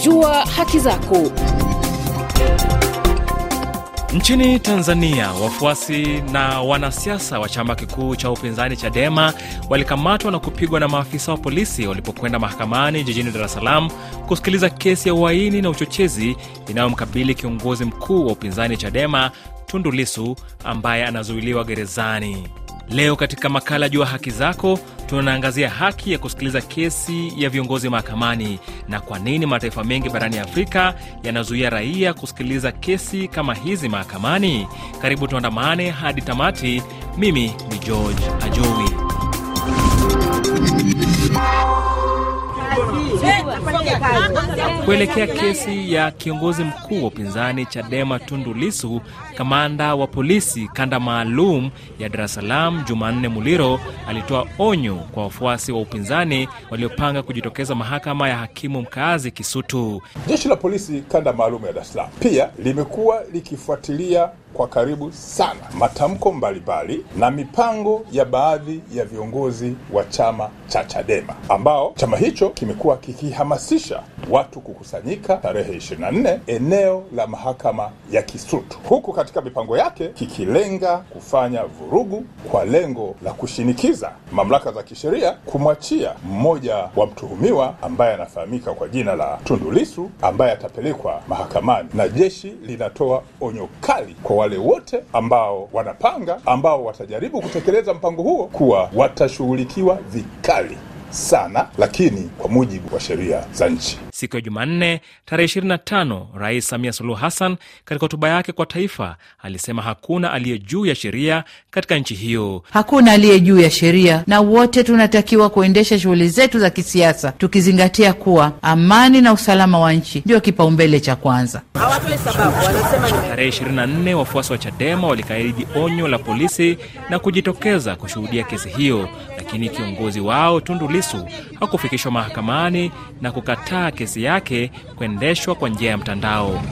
Jua haki zako. Nchini Tanzania, wafuasi na wanasiasa wa chama kikuu cha upinzani Chadema walikamatwa na kupigwa na maafisa wa polisi walipokwenda mahakamani jijini Dar es Salaam kusikiliza kesi ya uhaini na uchochezi inayomkabili kiongozi mkuu wa upinzani Chadema Tundu Lissu ambaye anazuiliwa gerezani. Leo katika makala juu ya haki zako tunaangazia haki ya kusikiliza kesi ya viongozi mahakamani na kwa nini mataifa mengi barani Afrika yanazuia raia kusikiliza kesi kama hizi mahakamani. Karibu tuandamane hadi tamati. Mimi ni George Ajowi. Kuelekea kesi ya kiongozi mkuu wa upinzani Chadema Tundu Lisu, kamanda wa polisi kanda maalum ya Dar es Salaam Jumanne Muliro alitoa onyo kwa wafuasi wa upinzani waliopanga kujitokeza mahakama ya hakimu mkaazi Kisutu. Jeshi la polisi kanda maalum ya Dar es Salaam pia limekuwa likifuatilia kwa karibu sana matamko mbalimbali na mipango ya baadhi ya viongozi wa chama cha Chadema ambao chama hicho kimekuwa kikihamasisha watu kukusanyika tarehe 24 eneo la mahakama ya Kisutu, huku katika mipango yake kikilenga kufanya vurugu kwa lengo la kushinikiza mamlaka za kisheria kumwachia mmoja wa mtuhumiwa ambaye anafahamika kwa jina la Tundu Lissu ambaye atapelekwa mahakamani, na jeshi linatoa onyo kali kwa wale wote ambao wanapanga, ambao watajaribu kutekeleza mpango huo kuwa watashughulikiwa vikali sana, lakini kwa mujibu wa sheria za nchi. Siku ya Jumanne tarehe 25, Rais Samia Suluhu Hassan katika hotuba yake kwa taifa alisema hakuna aliye juu ya sheria katika nchi hiyo. Hakuna aliye juu ya sheria, na wote tunatakiwa kuendesha shughuli zetu za kisiasa tukizingatia kuwa amani na usalama wa nchi ndio kipaumbele cha kwanza. Tarehe 24, wafuasi wa Chadema walikaidi onyo la polisi na kujitokeza kushuhudia kesi hiyo, lakini kiongozi wao Tundu Lisu hakufikishwa mahakamani na kukataa kesi yake kuendeshwa kwa njia ya mtandao.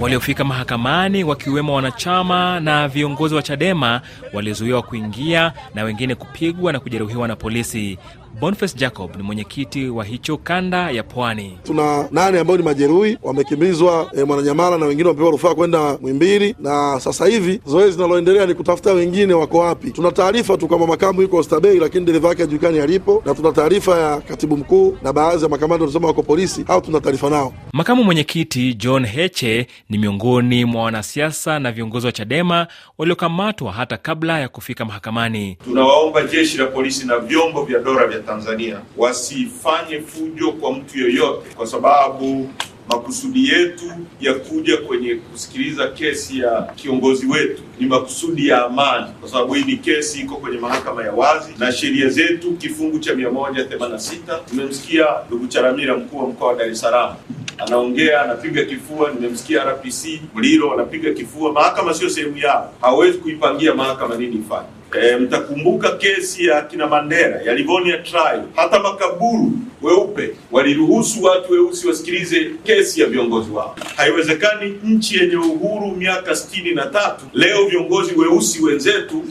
Waliofika mahakamani wakiwemo wanachama na viongozi wa Chadema walizuiwa kuingia na wengine kupigwa na kujeruhiwa na polisi. Boniface Jacob ni mwenyekiti wa hicho kanda ya Pwani. Tuna nane ambao ni majeruhi wamekimbizwa e, Mwananyamala na wengine wamepewa rufaa kwenda Mwimbili, na sasa hivi zoezi linaloendelea ni kutafuta wengine wako wapi. Tuna taarifa tu kwamba makamu yuko Oysterbay, lakini dereva yake hajulikani alipo, na tuna taarifa ya katibu mkuu na baadhi ya makamanda wanasema wako polisi au tuna taarifa nao. Makamu mwenyekiti John Heche ni miongoni mwa wanasiasa na viongozi wa Chadema waliokamatwa hata kabla ya kufika mahakamani. Tunawaomba jeshi la polisi na vyombo vya dola vya Tanzania wasifanye fujo kwa mtu yoyote, kwa sababu makusudi yetu ya kuja kwenye kusikiliza kesi ya kiongozi wetu ni makusudi ya amani, kwa sababu hii ni kesi iko kwenye mahakama ya wazi na sheria zetu kifungu cha 186. Tumemsikia ndugu Charamira, mkuu wa mkoa wa Dar es Salaam, anaongea anapiga kifua. Nimemsikia RPC Mlilo anapiga kifua. Mahakama sio sehemu yao, hawezi kuipangia mahakama nini ifanye. E, mtakumbuka kesi ya kina Mandela ya Livonia trial, hata makaburu weupe waliruhusu watu weusi wasikilize kesi ya viongozi wao. Haiwezekani nchi yenye uhuru miaka sitini na tatu leo viongozi weusi wenzetu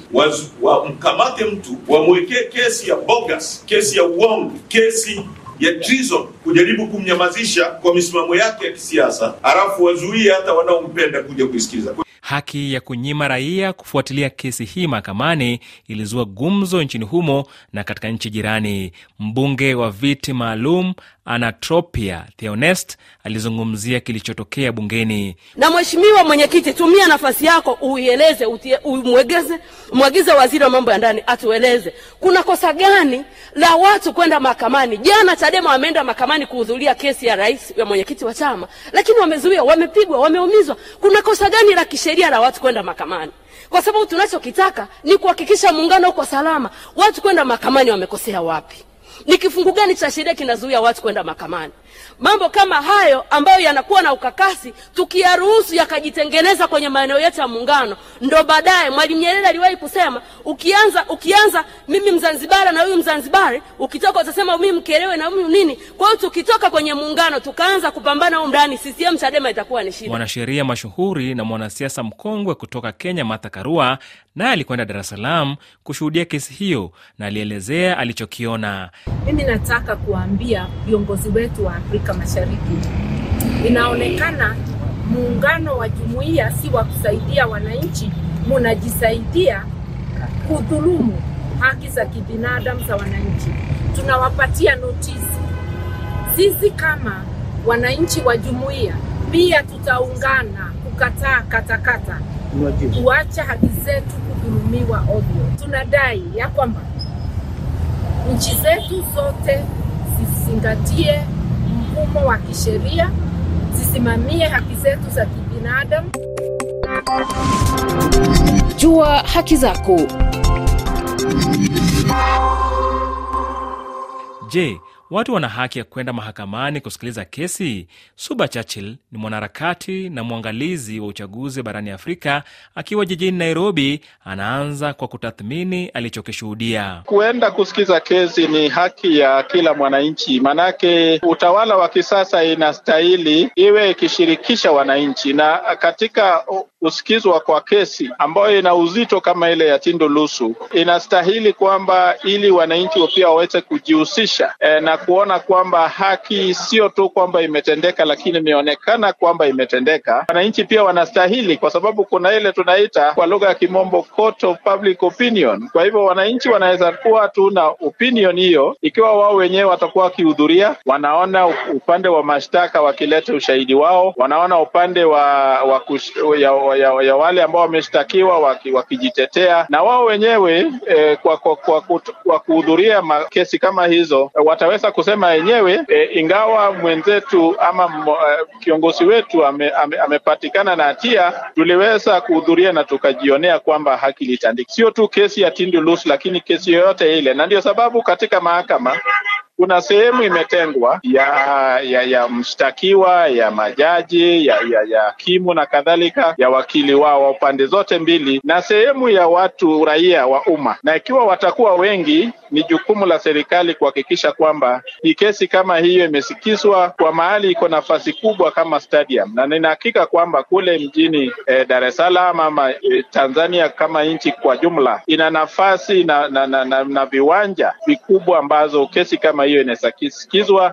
wamkamate wa mtu wamwekee kesi ya bogus, kesi ya uongo, kesi ya treason kujaribu kumnyamazisha kwa misimamo yake ya kisiasa, halafu wazuie hata wanaompenda kuja kuisikiliza. Haki ya kunyima raia kufuatilia kesi hii mahakamani ilizua gumzo nchini humo na katika nchi jirani. Mbunge wa viti maalum Anatropia Theonest alizungumzia kilichotokea bungeni. Na mheshimiwa mwenyekiti, tumia nafasi yako uieleze, umwegeze, mwagize waziri wa mambo ya ndani atueleze kuna kosa gani la watu kwenda mahakamani. Jana Chadema wameenda mahakamani kuhudhuria kesi ya rais ya mwenyekiti wa chama, lakini wamezuia, wamepigwa, wameumizwa. Kuna kosa gani la kishe sheria la watu kwenda mahakamani, kwa sababu tunachokitaka ni kuhakikisha muungano uko salama. Watu kwenda mahakamani wamekosea wapi? Ni kifungu gani cha sheria kinazuia watu kwenda mahakamani? Mambo kama hayo ambayo yanakuwa na ukakasi, tukiyaruhusu yakajitengeneza kwenye maeneo yetu ya Muungano, ndo baadaye Mwalimu Nyerere aliwahi kusema, ukianza ukianza mimi Mzanzibari na huyu Mzanzibari, ukitoka utasema mimi Mkelewe na huyu nini. Kwa hiyo tukitoka kwenye Muungano tukaanza kupambana huko ndani, CCM Chadema itakuwa ni shida. Mwanasheria mashuhuri na mwanasiasa mkongwe kutoka Kenya, Martha Karua, naye alikwenda Dar es Salaam kushuhudia kesi hiyo na alielezea alichokiona. Mimi nataka kuambia viongozi wetu wa Afrika Mashariki. Inaonekana muungano wa jumuiya si wa kusaidia wananchi, munajisaidia kudhulumu haki za kibinadamu za wananchi. Tunawapatia notisi. Sisi kama wananchi wa jumuiya pia tutaungana kukataa katakata, kuacha haki zetu kudhulumiwa ovyo. Tunadai ya kwamba nchi zetu zote zizingatie mfumo wa kisheria, zisimamie haki zetu za kibinadamu. Jua haki zako. Je, watu wana haki ya kwenda mahakamani kusikiliza kesi. Suba Churchill ni mwanaharakati na mwangalizi wa uchaguzi barani Afrika. Akiwa jijini Nairobi, anaanza kwa kutathmini alichokishuhudia. Kuenda kusikiza kesi ni haki ya kila mwananchi, maanake utawala wa kisasa inastahili iwe ikishirikisha wananchi, na katika kusikizwa kwa kesi ambayo ina uzito kama ile ya tindo lusu inastahili kwamba ili wananchi pia waweze kujihusisha e, na kuona kwamba haki sio tu kwamba imetendeka, lakini imeonekana kwamba imetendeka. Wananchi pia wanastahili, kwa sababu kuna ile tunaita kwa lugha ya kimombo court of public opinion. Kwa hivyo wananchi wanaweza kuwa tu na opinion hiyo, ikiwa wao wenyewe watakuwa wakihudhuria, wanaona upande wa mashtaka wakileta ushahidi wao, wanaona upande wa, wa kush, ya, ya, ya wale ambao wameshtakiwa waki, wakijitetea na wao wenyewe eh, kwa, kwa, kwa, kwa kuhudhuria kesi kama hizo eh, wataweza kusema wenyewe eh, ingawa mwenzetu ama eh, kiongozi wetu amepatikana ame, ame na hatia, tuliweza kuhudhuria na tukajionea kwamba haki litandika, sio tu kesi ya Tundu Lissu, lakini kesi yoyote ile, na ndio sababu katika mahakama kuna sehemu imetengwa ya, ya, ya mshtakiwa ya majaji ya, ya, ya kimu na kadhalika ya wakili wao wa pande zote mbili na sehemu ya watu raia wa umma, na ikiwa watakuwa wengi ni jukumu la serikali kuhakikisha kwamba ni kesi kama hiyo imesikizwa kwa mahali iko nafasi kubwa kama stadium, na ninahakika kwamba kule mjini eh, Dar es Salaam ama eh, Tanzania kama nchi kwa jumla ina nafasi na, na, na, na, na viwanja vikubwa ambazo kesi kama hiyo inaweza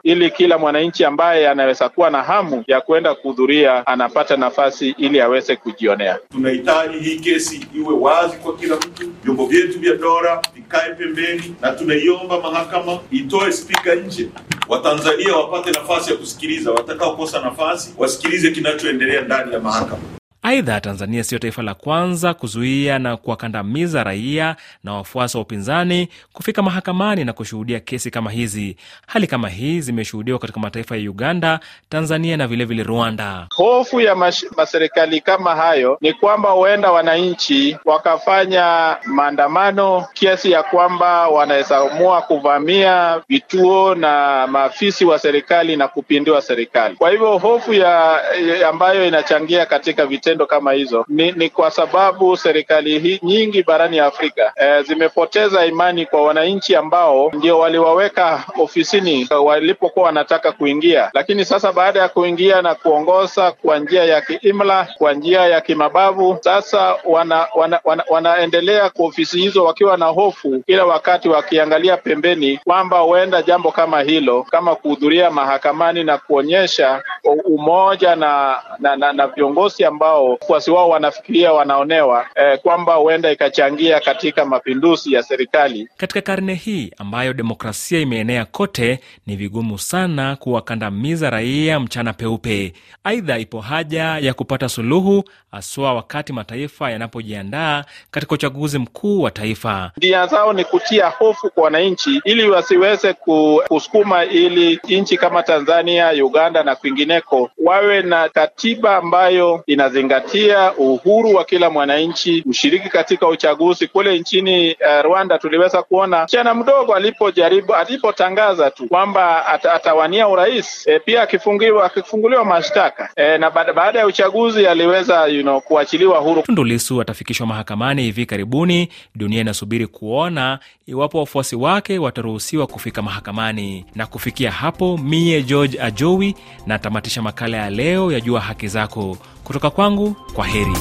ili kila mwananchi ambaye anaweza kuwa na hamu ya kwenda kuhudhuria anapata nafasi ili aweze kujionea. Tunahitaji hii kesi iwe wazi kwa kila mtu, vyombo vyetu vya dola kae pembeni, na tunaiomba mahakama itoe spika nje, Watanzania wapate nafasi ya kusikiliza, watakaokosa nafasi wasikilize kinachoendelea ndani ya mahakama. Aidha, Tanzania siyo taifa la kwanza kuzuia na kuwakandamiza raia na wafuasi wa upinzani kufika mahakamani na kushuhudia kesi kama hizi. Hali kama hii zimeshuhudiwa katika mataifa ya Uganda, Tanzania na vilevile vile Rwanda. Hofu ya maserikali kama hayo ni kwamba huenda wananchi wakafanya maandamano kiasi ya kwamba wanaweza amua kuvamia vituo na maafisi wa serikali na kupindua serikali. Kwa hivyo hofu ya ambayo inachangia katika vita vitendo kama hizo ni, ni kwa sababu serikali hii nyingi barani Afrika e, zimepoteza imani kwa wananchi ambao ndio waliwaweka ofisini walipokuwa wanataka kuingia, lakini sasa baada ya kuingia na kuongoza kwa njia ya kiimla, kwa njia ya kimabavu, sasa wana, wana, wana, wanaendelea kwa ofisi hizo wakiwa na hofu kila wakati, wakiangalia pembeni kwamba huenda jambo kama hilo kama kuhudhuria mahakamani na kuonyesha umoja na na, na, na viongozi ambao wao wafuasi wao wanafikiria wanaonewa, eh, kwamba huenda ikachangia katika mapinduzi ya serikali. Katika karne hii ambayo demokrasia imeenea kote, ni vigumu sana kuwakandamiza raia mchana peupe. Aidha, ipo haja ya kupata suluhu, haswa wakati mataifa yanapojiandaa katika uchaguzi mkuu wa taifa. Njia zao ni kutia hofu kwa wananchi ili wasiweze kusukuma, ili nchi kama Tanzania, Uganda na kwingineko wawe na katiba ambayo inazingatia kuzingatia uhuru wa kila mwananchi kushiriki katika uchaguzi. Kule nchini uh, Rwanda tuliweza kuona chana mdogo alipojaribu alipotangaza tu kwamba at, atawania urais e, pia akifungiwa akifunguliwa mashtaka e, na baada ya uchaguzi aliweza you know, kuachiliwa huru. Tundu Lissu atafikishwa mahakamani hivi karibuni. Dunia inasubiri kuona iwapo wafuasi wake wataruhusiwa kufika mahakamani. Na kufikia hapo, mie George Ajowi natamatisha makala ya leo ya Jua Haki Zako kutoka kwangu wangu, kwa heri.